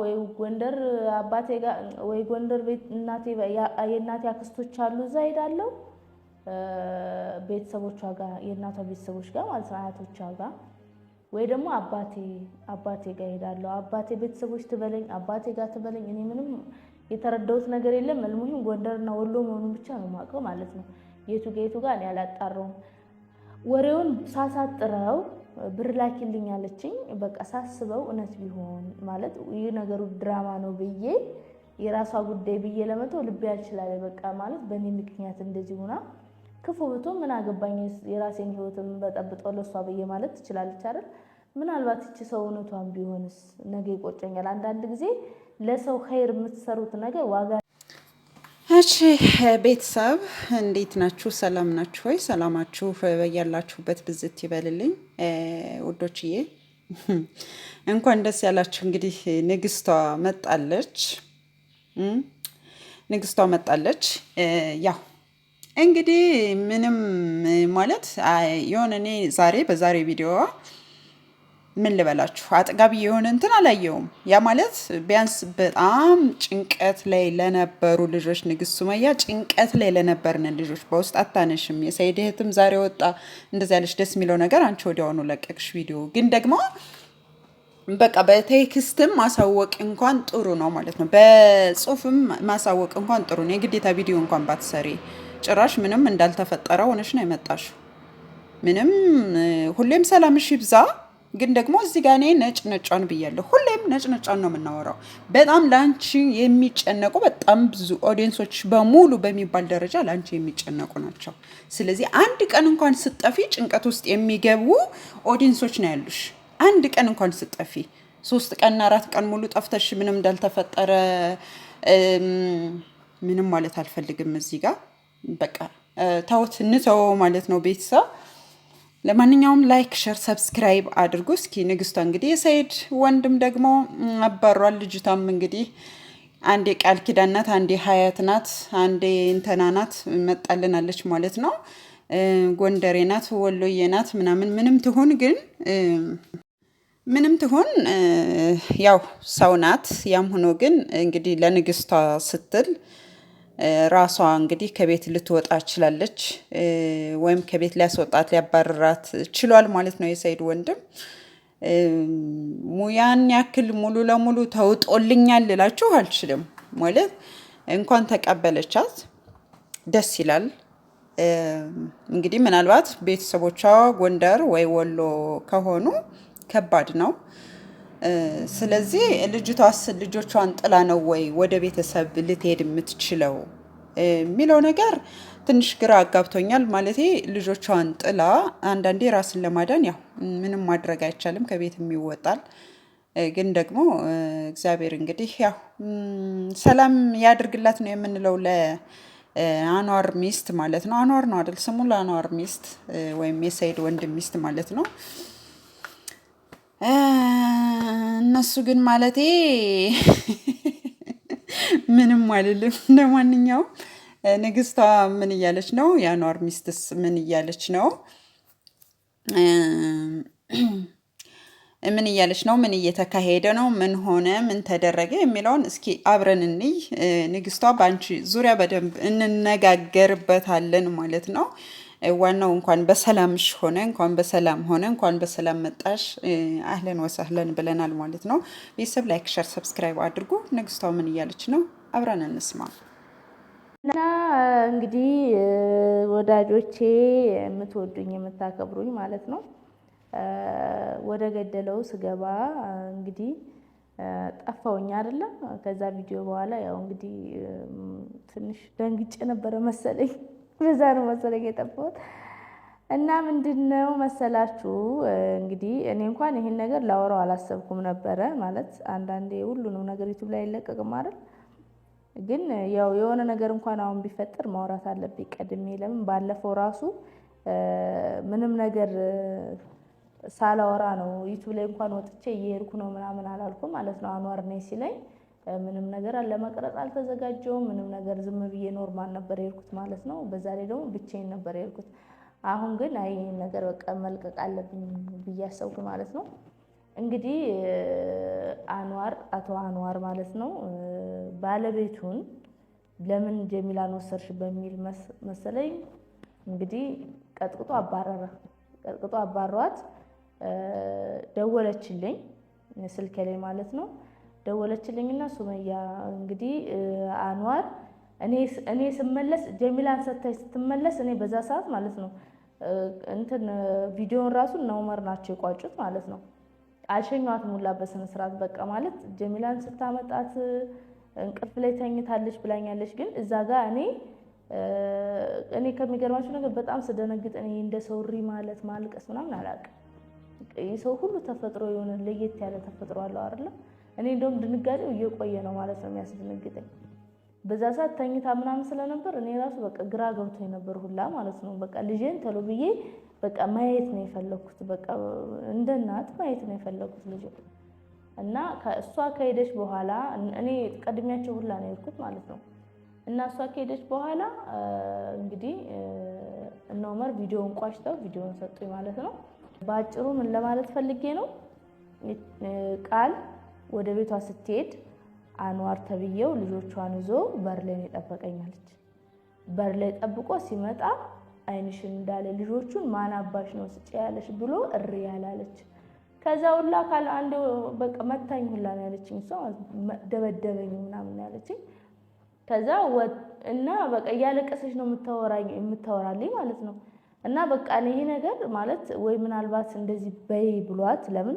ወይ ጎንደር አባቴ ጋር ወይ ጎንደር ቤት እናቴ የእናቴ አክስቶች አሉ እዛ ሄዳለሁ። ቤተሰቦቿ ጋር የእናቷ ቤተሰቦች ጋር ማለት ነው አያቶቿ ጋር ወይ ደግሞ አባቴ አባቴ ጋር ሄዳለሁ። አባቴ ቤተሰቦች ትበለኝ አባቴ ጋር ትበለኝ እኔ ምንም የተረዳሁት ነገር የለም። እልሙኝም ጎንደርና ወሎ መሆኑን ብቻ ነው የማውቀው ማለት ነው። የቱ ጌቱ ጋር እኔ አላጣረውም። ወሬውን ሳሳጥረው ብር ላኪልኝ አለችኝ። በቃ ሳስበው እውነት ቢሆን ማለት ይህ ነገሩ ድራማ ነው ብዬ የራሷ ጉዳይ ብዬ ለመቶ ልቤ ያልችላል። በቃ ማለት በእኔ ምክንያት እንደዚህ ሆና ክፉ ብቶ ምን አገባኝ የራሴን ህይወትም በጠብጠው ለሷ ብዬ ማለት ትችላለች አይደል? ምናልባት ይቺ ሰው እውነቷን ቢሆንስ ነገ ይቆጨኛል። አንዳንድ ጊዜ ለሰው ኸይር የምትሰሩት ነገር ዋጋ እሺ ቤተሰብ እንዴት ናችሁ? ሰላም ናችሁ ወይ? ሰላማችሁ በያላችሁበት ብዝት ይበልልኝ ውዶችዬ። እንኳን ደስ ያላችሁ። እንግዲህ ንግስቷ መጣለች፣ ንግስቷ መጣለች። ያው እንግዲህ ምንም ማለት የሆነ እኔ ዛሬ በዛሬ ቪዲዮዋ ምን ልበላችሁ አጥጋቢ የሆነ እንትን አላየውም። ያ ማለት ቢያንስ በጣም ጭንቀት ላይ ለነበሩ ልጆች ንግስት ሱመያ ጭንቀት ላይ ለነበርን ልጆች በውስጥ አታነሽም። የሰኢድ እህትም ዛሬ ወጣ እንደዚህ ያለች ደስ የሚለው ነገር አንቺ ወዲያውኑ ለቀቅሽ ቪዲዮ። ግን ደግሞ በቃ በቴክስትም ማሳወቅ እንኳን ጥሩ ነው ማለት ነው። በጽሁፍም ማሳወቅ እንኳን ጥሩ ነው። የግዴታ ቪዲዮ እንኳን ባትሰሪ ጭራሽ ምንም እንዳልተፈጠረ ሆነሽ ነው የመጣሽ። ምንም ሁሌም ሰላምሽ ይብዛ። ግን ደግሞ እዚህ ጋር እኔ ነጭ ነጫን ብያለሁ። ሁሌም ነጭ ነጫን ነው የምናወራው። በጣም ለአንቺ የሚጨነቁ በጣም ብዙ ኦዲየንሶች በሙሉ በሚባል ደረጃ ለአንቺ የሚጨነቁ ናቸው። ስለዚህ አንድ ቀን እንኳን ስጠፊ ጭንቀት ውስጥ የሚገቡ ኦዲየንሶች ነው ያሉሽ። አንድ ቀን እንኳን ስጠፊ ሶስት ቀንና አራት ቀን ሙሉ ጠፍተሽ ምንም እንዳልተፈጠረ ምንም ማለት አልፈልግም። እዚህ ጋር በቃ ተውት፣ እንተወው ማለት ነው ቤተሰብ ለማንኛውም ላይክ፣ ሸር፣ ሰብስክራይብ አድርጉ። እስኪ ንግስቷ እንግዲህ የሰይድ ወንድም ደግሞ አባሯል። ልጅቷም እንግዲህ አንዴ ቃል ኪዳን ናት፣ አንዴ ሀያት ናት፣ አንዴ እንተና ናት መጣልናለች ማለት ነው። ጎንደሬ ናት፣ ወሎዬ ናት ምናምን ምንም ትሁን ግን ምንም ትሁን ያው ሰው ናት። ያም ሆኖ ግን እንግዲህ ለንግስቷ ስትል ራሷ እንግዲህ ከቤት ልትወጣ ችላለች፣ ወይም ከቤት ሊያስወጣት ሊያባረራት ችሏል ማለት ነው የሰይድ ወንድም። ሙያን ያክል ሙሉ ለሙሉ ተውጦልኛል ልላችሁ አልችልም ማለት እንኳን ተቀበለቻት ደስ ይላል። እንግዲህ ምናልባት ቤተሰቦቿ ጎንደር ወይ ወሎ ከሆኑ ከባድ ነው። ስለዚህ ልጅቷስ ልጆቿን ጥላ ነው ወይ ወደ ቤተሰብ ልትሄድ የምትችለው የሚለው ነገር ትንሽ ግራ አጋብቶኛል። ማለት ልጆቿን ጥላ አንዳንዴ ራስን ለማዳን ያው ምንም ማድረግ አይቻልም፣ ከቤትም ይወጣል። ግን ደግሞ እግዚአብሔር እንግዲህ ያው ሰላም ያድርግላት ነው የምንለው ለአኗር ሚስት ማለት ነው። አኗር ነው አይደል ስሙ? ለአኗር ሚስት ወይም የሰይድ ወንድም ሚስት ማለት ነው። እነሱ ግን ማለቴ ምንም አልልም። ለማንኛውም ንግስቷ ምን እያለች ነው? የአኗር ሚስትስ ምን እያለች ነው? ምን እያለች ነው? ምን እየተካሄደ ነው? ምን ሆነ? ምን ተደረገ? የሚለውን እስኪ አብረን እንይ። ንግስቷ በአንቺ ዙሪያ በደንብ እንነጋገርበታለን ማለት ነው። ዋናው እንኳን በሰላምሽ ሆነ እንኳን በሰላም ሆነ እንኳን በሰላም መጣሽ፣ አህለን ወሰህለን ብለናል ማለት ነው። ቤተሰብ ላይክ፣ ሸር፣ ሰብስክራይብ አድርጉ። ንግስቷ ምን እያለች ነው? አብረን እንስማ እና እንግዲህ ወዳጆቼ፣ የምትወዱኝ የምታከብሩኝ ማለት ነው። ወደ ገደለው ስገባ እንግዲህ ጠፋውኝ አይደለም። ከዛ ቪዲዮ በኋላ ያው እንግዲህ ትንሽ ደንግጬ ነበረ መሰለኝ በዛ ነው መሰለኝ የጠፋሁት። እና ምንድን ነው መሰላችሁ እንግዲህ እኔ እንኳን ይህን ነገር ላወራው አላሰብኩም ነበረ። ማለት አንዳንዴ ሁሉንም ነገር ዩቱብ ላይ አይለቀቅም አይደል? ግን ያው የሆነ ነገር እንኳን አሁን ቢፈጠር ማውራት አለብኝ ቀድሜ። ለምን ባለፈው ራሱ ምንም ነገር ሳላወራ ነው ዩቱብ ላይ እንኳን ወጥቼ እየሄድኩ ነው ምናምን አላልኩ ማለት ነው። አኗር ነኝ ሲለኝ ምንም ነገር ለመቅረጽ አልተዘጋጀውም። ምንም ነገር ዝም ብዬ ኖርማል ነበር የሄድኩት ማለት ነው። በዛ ላይ ደግሞ ብቻዬን ነበር የሄድኩት። አሁን ግን አይ ነገር በቃ መልቀቅ አለብኝ ብዬ አሰብኩ ማለት ነው። እንግዲህ አንዋር አቶ አንዋር ማለት ነው ባለቤቱን ለምን ጀሚላን ወሰድሽ በሚል መሰለኝ እንግዲህ ቀጥቅጦ አባረረ። ቀጥቅጦ አባሯት ደወለችልኝ ስልኬ ላይ ማለት ነው ደወለችልኝና ሱመያ እንግዲህ አንዋር እኔ ስመለስ ጀሚላን ሰታይ ስትመለስ እኔ በዛ ሰዓት ማለት ነው እንትን ቪዲዮን ራሱ እነ ኡመር ናቸው የቋጩት ማለት ነው። አሸኛዋት ሙላ በስነ ስርዓት በቃ ማለት ጀሚላን ስታመጣት እንቅልፍ ላይ ተኝታለች ብላኛለች። ግን እዛ ጋር እኔ እኔ ከሚገርማችሁ ነገር በጣም ስደነግጥ እኔ እንደ ሰውሪ ማለት ማልቀስ ምናምን አላውቅም። ሰው ሁሉ ተፈጥሮ የሆነ ለየት ያለ ተፈጥሮ አለው አይደለም እኔ እንደውም ድንጋጤው እየቆየ ነው ማለት ነው የሚያስደነግጠኝ። በዛ ሰዓት ተኝታ ምናምን ስለነበር እኔ ራሱ በቃ ግራ ገብቶኝ ነበር ሁላ ማለት ነው። በቃ ልጄን ተሎ ብዬ በቃ ማየት ነው የፈለኩት። በቃ እንደ እናት ማየት ነው የፈለኩት ልጄ እና እሷ ከሄደች በኋላ እኔ ቀድሚያቸው ሁላ ነው የሄድኩት ማለት ነው። እና እሷ ከሄደች በኋላ እንግዲህ እነ ዑመር ቪዲዮውን ቋጭተው ቪዲዮውን ሰጡኝ ማለት ነው። በአጭሩ ምን ለማለት ፈልጌ ነው ቃል ወደ ቤቷ ስትሄድ አንዋር ተብዬው ልጆቿን ይዞ በር ላይ የጠበቀኛለች። በር ላይ ጠብቆ ሲመጣ አይንሽን እንዳለ ልጆቹን ማን አባሽ ነው ስጭ ያለሽ ብሎ እሪ ያላለች። ከዛ ሁላ ካል አንድ በቃ መታኝ ሁላ ነው ያለችኝ። እሷ ደበደበኝ ምናምን ያለችኝ። ከዛ እና በቃ እያለቀሰች ነው የምታወራልኝ ማለት ነው። እና በቃ ይሄ ነገር ማለት ወይ ምናልባት እንደዚህ በይ ብሏት ለምን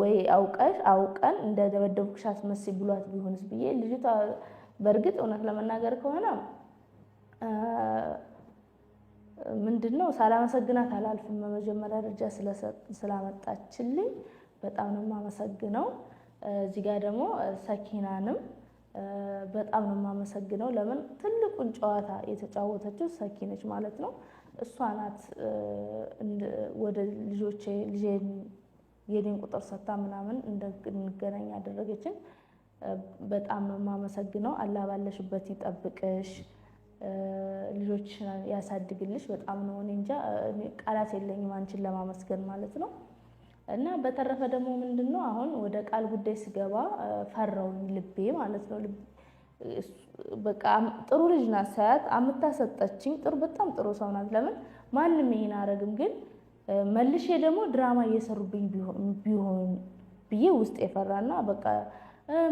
ወይ አውቀሽ አውቀን እንደ ደበደብኩሽ አስመስ ብሏት ቢሆንስ ብዬ ልጅቷ በእርግጥ እውነት ለመናገር ከሆነ ምንድን ነው ሳላመሰግናት አላልፍም። በመጀመሪያ ደረጃ ስላመጣችልኝ በጣም ነው የማመሰግነው። እዚህ ጋር ደግሞ ሰኪናንም በጣም ነው የማመሰግነው። ለምን ትልቁን ጨዋታ የተጫወተችው ሰኪነች ማለት ነው። እሷ ናት ወደ ልጆቼ ልጄን የኔን ቁጥር ሰታ ምናምን እንገናኝ ያደረገችን በጣም ነው የማመሰግነው። አላህ ባለሽበት ይጠብቅሽ፣ ልጆች ያሳድግልሽ። በጣም ነው እኔ እንጃ ቃላት የለኝም አንቺን ለማመስገን ማለት ነው። እና በተረፈ ደግሞ ምንድን ነው አሁን ወደ ቃል ጉዳይ ስገባ ፈራውኝ ልቤ ማለት ነው። በቃ ጥሩ ልጅ ናት ሳያት አምታ ሰጠችኝ። ጥሩ በጣም ጥሩ ሰው ናት። ለምን ማንም ይሄን አረግም ግን መልሼ ደግሞ ድራማ እየሰሩብኝ ቢሆን ብዬ ውስጥ የፈራና በቃ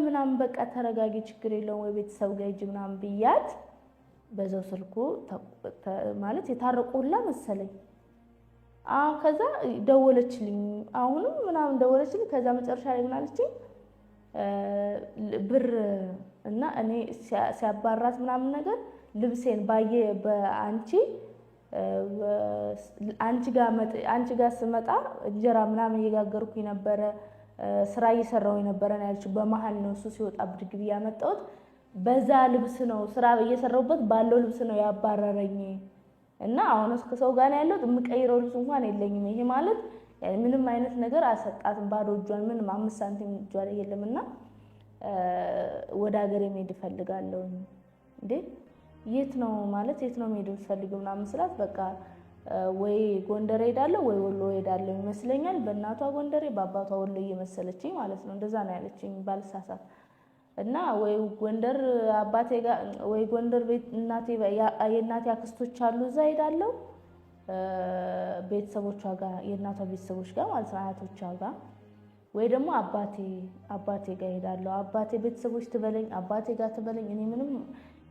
ምናምን በቃ ተረጋጊ፣ ችግር የለውም ወይ ቤተሰብ ጋር ሂጂ ምናምን ብያት፣ በዛው ስልኩ ማለት የታረቁ ሁላ መሰለኝ። ከዛ ደወለችልኝ፣ አሁንም ምናምን ደወለችልኝ። ከዛ መጨረሻ ላይ ምን ብር እና እኔ ሲያባራት ምናምን ነገር ልብሴን ባየ በአንቺ አንቺ ጋር ስመጣ እንጀራ ምናምን እየጋገርኩኝ ነበረ፣ ስራ እየሰራሁኝ ነበረ ነው ያለችው። በመሀል ነው እሱ ሲወጣ ብድግ ብዬ ያመጣሁት። በዛ ልብስ ነው ስራ እየሰራሁበት ባለው ልብስ ነው ያባረረኝ እና አሁን እስከ ሰው ጋር ነው ያለሁት። የምቀይረው ልብስ እንኳን የለኝም። ይሄ ማለት ምንም አይነት ነገር አልሰጣትም። ባዶ እጇን ምንም አምስት ሳንቲም እጇ የለም እና ወደ ሀገር የሚሄድ እፈልጋለሁ እንዴ የት ነው ማለት የት ነው መሄድ የምትፈልጊው ምናምን ስላት በቃ ወይ ጎንደር ሄዳለሁ ወይ ወሎ ሄዳለሁ ይመስለኛል። በእናቷ ጎንደሬ በአባቷ ወሎ እየመሰለችኝ ማለት ነው። እንደዛ ነው ያለችኝ ባልሳሳት። እና ወይ ጎንደር አባቴ ጋር ወይ ጎንደር ቤት እናቴ የእናቴ አክስቶች አሉ እዛ ሄዳለሁ ቤተሰቦቿ ጋር የእናቷ ቤተሰቦች ጋር ማለት ነው አያቶቿ ጋር ወይ ደግሞ አባቴ አባቴ ጋር ሄዳለሁ አባቴ ቤተሰቦች ትበለኝ አባቴ ጋር ትበለኝ እኔ ምንም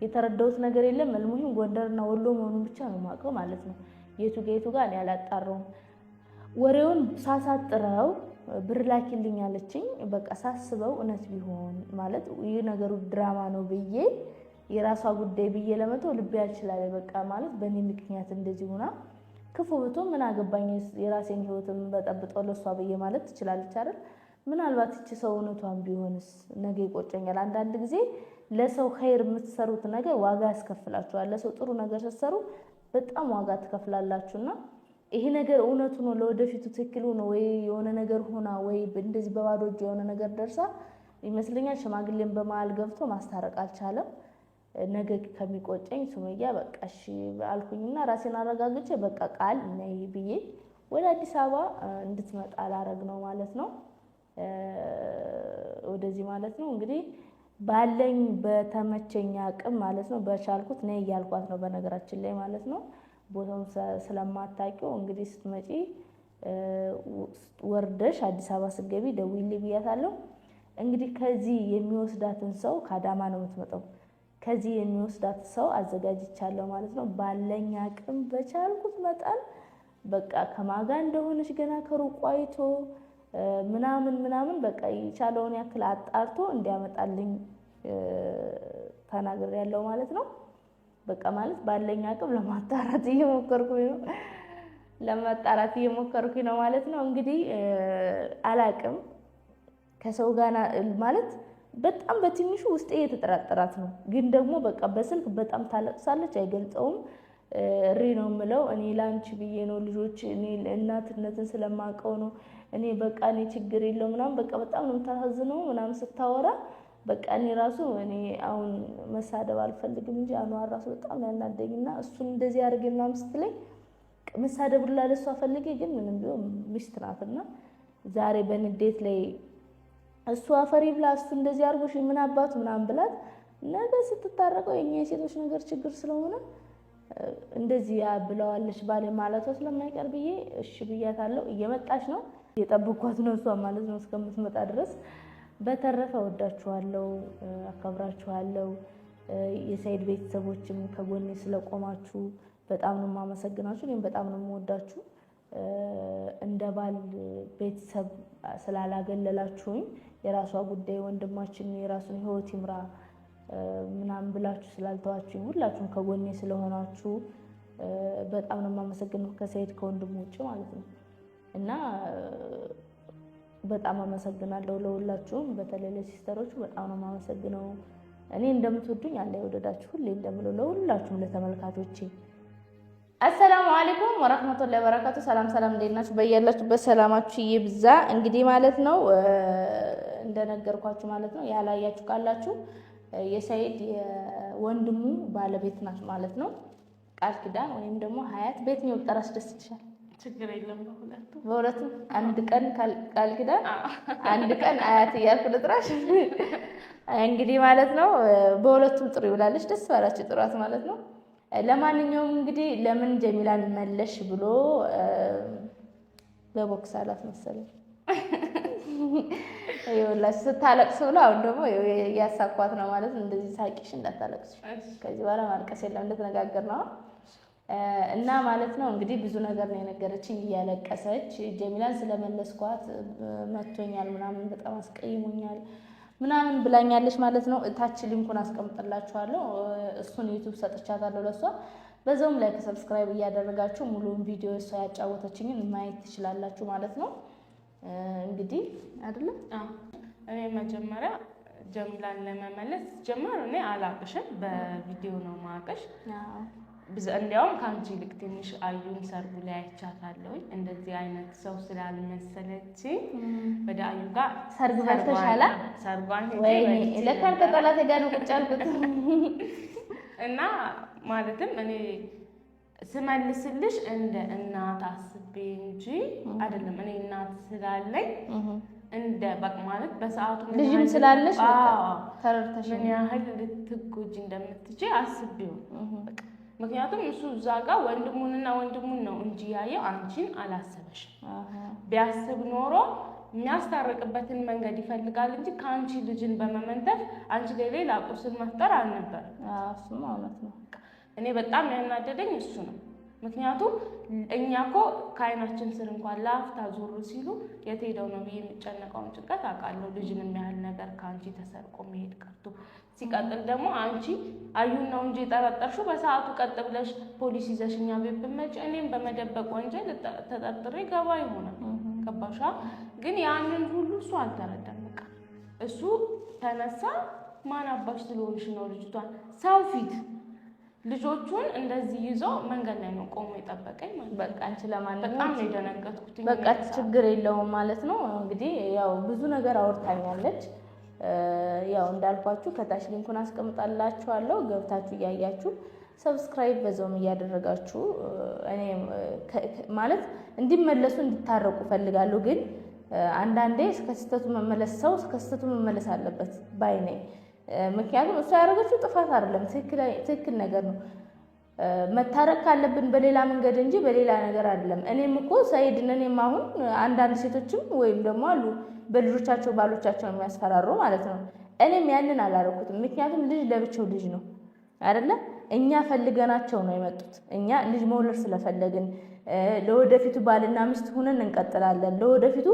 የተረዳሁት ነገር የለም። መልሙኝ ጎንደርና ወሎ መሆኑን ብቻ ነው ማውቀው ማለት ነው። የቱ ጌቱ ጋር እኔ አላጣረውም። ወሬውን ሳሳጥረው ብር ላኪልኝ አለችኝ። በቃ ሳስበው እውነት ቢሆን ማለት ይህ ነገሩ ድራማ ነው ብዬ የራሷ ጉዳይ ብዬ ለመተው ልቤ ያልችላል። በቃ ማለት በእኔ ምክንያት እንደዚህ ሆና ክፉ ብቶ ምን አገባኝ የራሴን ህይወትም በጠብጠው ለሷ ብዬ ማለት ትችላለች አይደል? ምናልባት እቺ ሰው እውነቷን ቢሆንስ ነገ ይቆጨኛል አንዳንድ ጊዜ ለሰው ኸይር የምትሰሩት ነገር ዋጋ ያስከፍላችኋል። ለሰው ጥሩ ነገር ስትሰሩ በጣም ዋጋ ትከፍላላችሁና ይሄ ነገር እውነቱ ነው ለወደፊቱ ትክክል ሆኖ ወይ የሆነ ነገር ሆና ወይ እንደዚህ በባዶ እጅ የሆነ ነገር ደርሳ ይመስለኛል ሽማግሌን በመሀል ገብቶ ማስታረቅ አልቻለም። ነገ ከሚቆጨኝ ሱመያ በቃ እሺ አልኩኝና ራሴን አረጋግቼ በቃ ቃል ነይ ብዬ ወደ አዲስ አበባ እንድትመጣ ላረግ ነው ማለት ነው ወደዚህ ማለት ነው እንግዲህ ባለኝ በተመቸኝ አቅም ማለት ነው በቻልኩት ነይ እያልኳት ነው። በነገራችን ላይ ማለት ነው ቦታውን ስለማታውቂው እንግዲህ ስትመጪ ወርደሽ አዲስ አበባ ስትገቢ ደውዪልኝ ብያታለሁ። እንግዲህ ከዚህ የሚወስዳትን ሰው ከአዳማ ነው የምትመጣው። ከዚህ የሚወስዳት ሰው አዘጋጅቻለሁ ማለት ነው። ባለኝ አቅም በቻልኩት መጠን በቃ ከማጋ እንደሆነች ገና ከሩቋይቶ ምናምን ምናምን በቃ የቻለውን ያክል አጣርቶ እንዲያመጣልኝ ተናግሬ ያለው ማለት ነው። በቃ ማለት ባለኝ አቅም ለማጣራት እየሞከርኩ ነው ለማጣራት እየሞከርኩ ነው ማለት ነው። እንግዲህ አላቅም ከሰው ጋር ማለት በጣም በትንሹ ውስጤ የተጠራጠራት ነው። ግን ደግሞ በቃ በስልክ በጣም ታለቅሳለች፣ አይገልጸውም እሪ ነው የምለው። እኔ ለአንቺ ብዬ ነው ልጆች፣ እኔ እናትነትን ስለማውቀው ነው። እኔ በቃ እኔ ችግር የለው ምናምን በቃ በጣም ነው የምታሳዝነው ምናምን ስታወራ በቃ እኔ ራሱ እኔ አሁን መሳደብ አልፈልግም እንጂ አኗር ራሱ በጣም ያናደኝ እና እሱን እንደዚህ አድርጌ ምናምን ስትለኝ መሳደብ ላለሱ ለእሷ ግን ምንም ቢሆን ሚስት ናትና ዛሬ በንዴት ላይ እሱ አፈሪ ብላ እሱ እንደዚህ አድርጎሽ ምን አባቱ ምናምን ብላት ነገ ስትታረቀው የኛ የሴቶች ነገር ችግር ስለሆነ እንደዚህ ብለዋለች ባሌ ማለቷ ስለማይቀር ብዬ እሺ ብያታለሁ። እየመጣች ነው፣ እየጠብኳት ነው እሷ ማለት ነው እስከምትመጣ ድረስ። በተረፈ ወዳችኋለሁ፣ አከብራችኋለሁ። የሰኢድ ቤተሰቦችም ከጎኔ ስለቆማችሁ በጣም ነው የማመሰግናችሁ። እኔም በጣም ነው የምወዳችሁ። እንደ ባል ቤተሰብ ስላላገለላችሁኝ የራሷ ጉዳይ ወንድማችን የራሱን ህይወት ይምራ ምናምን ብላችሁ ስላልተዋችሁ ሁላችሁም ከጎኔ ስለሆናችሁ በጣም ነው የማመሰግነው። ከሰይድ ከወንድሙ ውጭ ማለት ነው እና በጣም አመሰግናለሁ ለሁላችሁም። በተለይ ለሲስተሮቹ በጣም ነው የማመሰግነው። እኔ እንደምትወዱኝ አለ የወደዳችሁ ሁሌ እንደምለው ለሁላችሁም ለተመልካቾቼ አሰላሙ አለይኩም ወራህመቱላሂ ወበረካቱ። ሰላም ሰላም፣ እንዴት ናችሁ? በያላችሁበት ሰላማችሁ ይብዛ። እንግዲህ ማለት ነው እንደነገርኳችሁ ማለት ነው ያላያችሁ ካላችሁ የሰይድ የወንድሙ ባለቤት ናት ማለት ነው። ቃል ኪዳን ወይም ደግሞ ሀያት በየትኛው ብጠራ አስደስትሻል? ችግር የለም በሁለቱም። አንድ ቀን ቃል ኪዳን፣ አንድ ቀን አያት እያልኩ ልጥራሽ እንግዲህ ማለት ነው። በሁለቱም ጥሩ ይውላለች። ደስ ባላቸው ጥሯት ማለት ነው። ለማንኛውም እንግዲህ ለምን ጀሚላን መለሽ ብሎ በቦክስ አላት መሰለኝ ይኸውላችሁ ስታለቅስ ብሎ አሁን ደግሞ እያሳኳት ነው ማለት እንደዚህ ሳቂሽ እንዳታለቅስ ከዚህ በኋላ ማልቀስ የለም እንደተነጋገር ነው እና ማለት ነው እንግዲህ ብዙ ነገር ነው የነገረችኝ እያለቀሰች ጀሚላን ስለመለስኳት መቶኛል ምናምን በጣም አስቀይሞኛል ምናምን ብላኛለች ማለት ነው። እታች ሊንኩን አስቀምጥላችኋለሁ። እሱን ዩቱብ ሰጥቻታለሁ ለእሷ በዛውም ላይክ ሰብስክራይብ እያደረጋችሁ ሙሉውን ቪዲዮ እሷ ያጫወተችኝን ማየት ትችላላችሁ ማለት ነው። እንግዲህ አይደለም እኔ መጀመሪያ ጀምላን ለመመለስ ጀመር እኔ አላቅሽም፣ በቪዲዮ ነው ማቀሽ። እንዲያውም ከአንቺ ይልቅ ትንሽ አዩን ሰርጉ ላይ አይቻታለሁ። እንደዚህ አይነት ሰው ስላልመሰለች ወደ አዩ ጋር ሰርግ በልተሻላ ሰርጓን ለካ ጋር ነው ቁጭ ያልኩት እና ማለትም እኔ ስመልስልሽ እንደ እናት አስቤ እንጂ አይደለም። እኔ እናት ስላለኝ እንደ በቅ ማለት በሰዓቱ ልጅም ስላለሽ ተረድተሽ ምን ያህል ልትጎጂ እንደምትችይ አስቤው። ምክንያቱም እሱ እዛ ጋር ወንድሙንና ወንድሙን ነው እንጂ ያየው አንቺን አላሰበሽ። ቢያስብ ኖሮ የሚያስታርቅበትን መንገድ ይፈልጋል እንጂ ከአንቺ ልጅን በመመንተፍ አንቺ ላይ ሌላ ቁስል መፍጠር አልነበር። እሱማ እውነት ነው። እኔ በጣም ያናደደኝ እሱ ነው። ምክንያቱም እኛ እኮ ከአይናችን ስር እንኳን ለአፍታ ዞሩ ሲሉ የት ሄደው ነው ብዬ የሚጨነቀውን ጭንቀት አውቃለሁ። ልጅን የሚያህል ነገር ከአንቺ ተሰርቆ መሄድ ቀርቶ ሲቀጥል ደግሞ አንቺ አዩን ነው እንጂ የጠረጠርሽው። በሰዓቱ ቀጥ ብለሽ ፖሊስ ይዘሽ እኛ ቤት ብትመጪ እኔም በመደበቅ ወንጀል ተጠርጥሬ ገባ ይሆናል። ገባሻ? ግን ያንን ሁሉ እሱ አልተረዳም። እሱ ተነሳ። ማን አባሽ ስለሆንሽ ነው ልጅቷን ሰው ፊት ልጆቹን እንደዚህ ይዞ መንገድ ላይ ነው ቆሞ የጠበቀኝ። በቃ አንቺ ለማንኛውም የደነገጥኩት በቃ ችግር የለውም ማለት ነው። እንግዲህ ያው ብዙ ነገር አውርታኛለች። ያው እንዳልኳችሁ ከታች ሊንኩን አስቀምጣላችኋለሁ ገብታችሁ እያያችሁ ሰብስክራይብ በዛውም እያደረጋችሁ እኔ ማለት እንዲመለሱ እንዲታረቁ ፈልጋለሁ። ግን አንዳንዴ ከስህተቱ መመለስ ሰው ከስህተቱ መመለስ አለበት ባይ ነኝ። ምክንያቱም እሷ ያደረገችው ጥፋት አይደለም፣ ትክክል ነገር ነው። መታረቅ ካለብን በሌላ መንገድ እንጂ በሌላ ነገር አይደለም። እኔም እኮ ሰይድን እኔም አሁን አንዳንድ ሴቶችም ወይም ደግሞ አሉ በልጆቻቸው ባሎቻቸው የሚያስፈራሩ ማለት ነው። እኔም ያንን አላረኩትም። ምክንያቱም ልጅ ለብቻው ልጅ ነው አይደለ? እኛ ፈልገናቸው ነው የመጡት። እኛ ልጅ መውለድ ስለፈለግን ለወደፊቱ ባልና ሚስት ሁነን እንቀጥላለን፣ ለወደፊቱ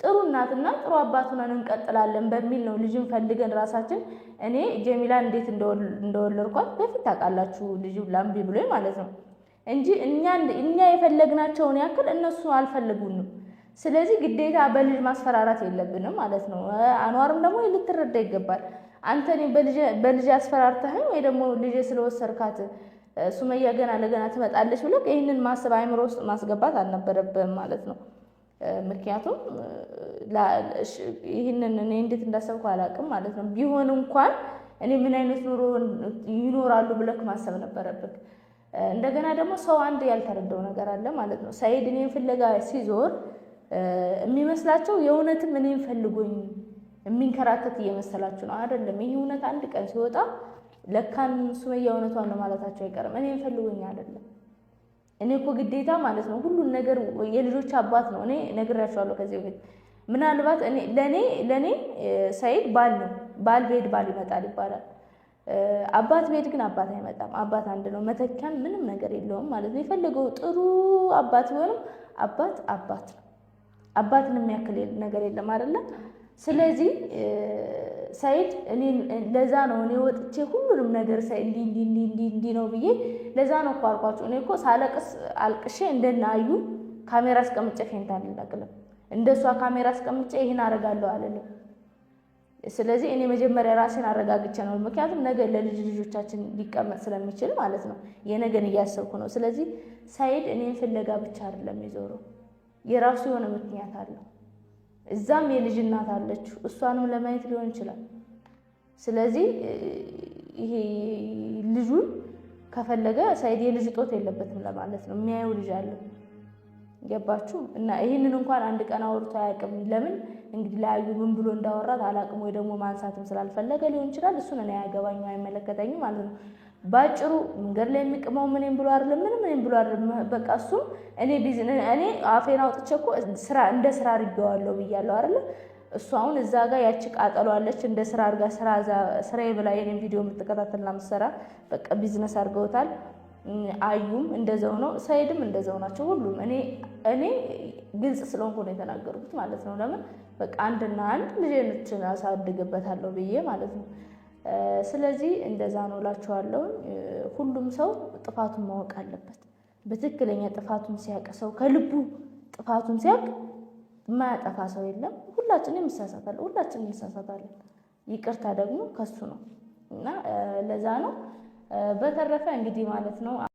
ጥሩ እናትና ጥሩ አባት ሁነን እንቀጥላለን በሚል ነው ልጅን ፈልገን ራሳችን። እኔ ጀሚላን እንዴት እንደወለድኳት በፊት ታውቃላችሁ። ልጅ ላምቢ ብሎ ማለት ነው እንጂ እኛ የፈለግናቸውን ያክል እነሱ አልፈለጉንም። ስለዚህ ግዴታ በልጅ ማስፈራራት የለብንም ማለት ነው። አኗርም ደግሞ ልትረዳ ይገባል። አንተ እኔ በልጅ አስፈራርተኸኝ ወይ ደግሞ ልጅ ስለወሰድካት ሱመያ ገና ለገና ትመጣለች ብለ ይህንን ማሰብ አይምሮ ውስጥ ማስገባት አልነበረብህም ማለት ነው። ምክንያቱም ይህንን እኔ እንዴት እንዳሰብኩ አላውቅም ማለት ነው። ቢሆን እንኳን እኔ ምን አይነት ኑሮ ይኖራሉ ብለክ ማሰብ ነበረብህ። እንደገና ደግሞ ሰው አንድ ያልተረዳው ነገር አለ ማለት ነው። ሰኢድ እኔን ፍለጋ ሲዞር የሚመስላቸው የእውነትም እኔን ፈልጎኝ የሚንከራተት እየመሰላችሁ ነው። አይደለም። ይህ እውነት አንድ ቀን ሲወጣ ለካን ሱመያ እውነቷን ነው ማለታቸው አይቀርም። እኔ ፈልጎኝ አይደለም። እኔ እኮ ግዴታ ማለት ነው ሁሉን ነገር የልጆች አባት ነው። እኔ ነግራቸዋለሁ ከዚህ በፊት ምናልባት ለእኔ ለእኔ ሰይድ ባል ነው። ባል ቤድ ባል ይመጣል ይባላል። አባት ቤድ ግን አባት አይመጣም። አባት አንድ ነው፣ መተኪያን ምንም ነገር የለውም ማለት ነው። የፈለገው ጥሩ አባት ቢሆንም አባት አባት ነው። አባትን የሚያክል ነገር የለም አይደለም። ስለዚህ ሰይድ ለዛ ነው እኔ ወጥቼ ሁሉንም ነገር ሳይ እንዲ ነው ብዬ ለዛ ነው እኮ አልኳቸው። እኔ እኮ ሳለቅስ አልቅሼ እንደናዩ ካሜራ አስቀምጬ ፌንት አልለቅልም። እንደሷ ካሜራ አስቀምጬ ይህን አደርጋለሁ አለልም። ስለዚህ እኔ መጀመሪያ ራሴን አረጋግቼ ነው። ምክንያቱም ነገ ለልጅ ልጆቻችን ሊቀመጥ ስለሚችል ማለት ነው። የነገን እያሰብኩ ነው። ስለዚህ ሰይድ እኔን ፍለጋ ብቻ አይደለም የዞረው፣ የራሱ የሆነ ምክንያት አለው። እዛም የልጅ እናት አለችው። እሷንም ለማየት ሊሆን ይችላል። ስለዚህ ይሄ ልጁን ከፈለገ ሳይድ የልጅ ጦት የለበትም ለማለት ነው። የሚያየው ልጅ አለው። ገባችሁ? እና ይህንን እንኳን አንድ ቀን አውርቶ አያውቅም። ለምን እንግዲህ ለያዩ ምን ብሎ እንዳወራት አላውቅም፣ ወይ ደግሞ ማንሳትም ስላልፈለገ ሊሆን ይችላል። እሱን እኔ አያገባኝም፣ አይመለከተኝም ማለት ነው። ባጭሩ መንገድ ላይ የሚቅመው ምንም ብሎ አይደለም፣ ምንም ምንም ብሎ አይደለም። በቃ እሱ እኔ ቢዝነስ እኔ አፌን አውጥቼ እኮ ስራ እንደ ስራ አድርጌዋለሁ ብያለሁ አይደለ? እሱ አሁን እዛ ጋር ያቺ ቃጠሏለች እንደ ስራ አድርጋ ስራ ስራዬ ብላ የኔን ቪዲዮ የምትከታተል ምሰራ በቃ ቢዝነስ አድርገውታል። አዩም እንደዛው ነው፣ ሰይድም እንደዛው ናቸው። ሁሉም እኔ እኔ ግልጽ ስለሆንኩ ነው የተናገርኩት ማለት ነው። ለምን በቃ አንድና አንድ ልጄኖችን አሳድግበታለሁ ብዬ ማለት ነው። ስለዚህ እንደዛ ነው እላችኋለሁ። ሁሉም ሰው ጥፋቱን ማወቅ አለበት። በትክክለኛ ጥፋቱን ሲያውቅ ሰው ከልቡ ጥፋቱን ሲያውቅ የማያጠፋ ሰው የለም። ሁላችን እንሳሳታለን፣ ሁላችን እንሳሳታለን። ይቅርታ ደግሞ ከሱ ነው እና ለዛ ነው በተረፈ እንግዲህ ማለት ነው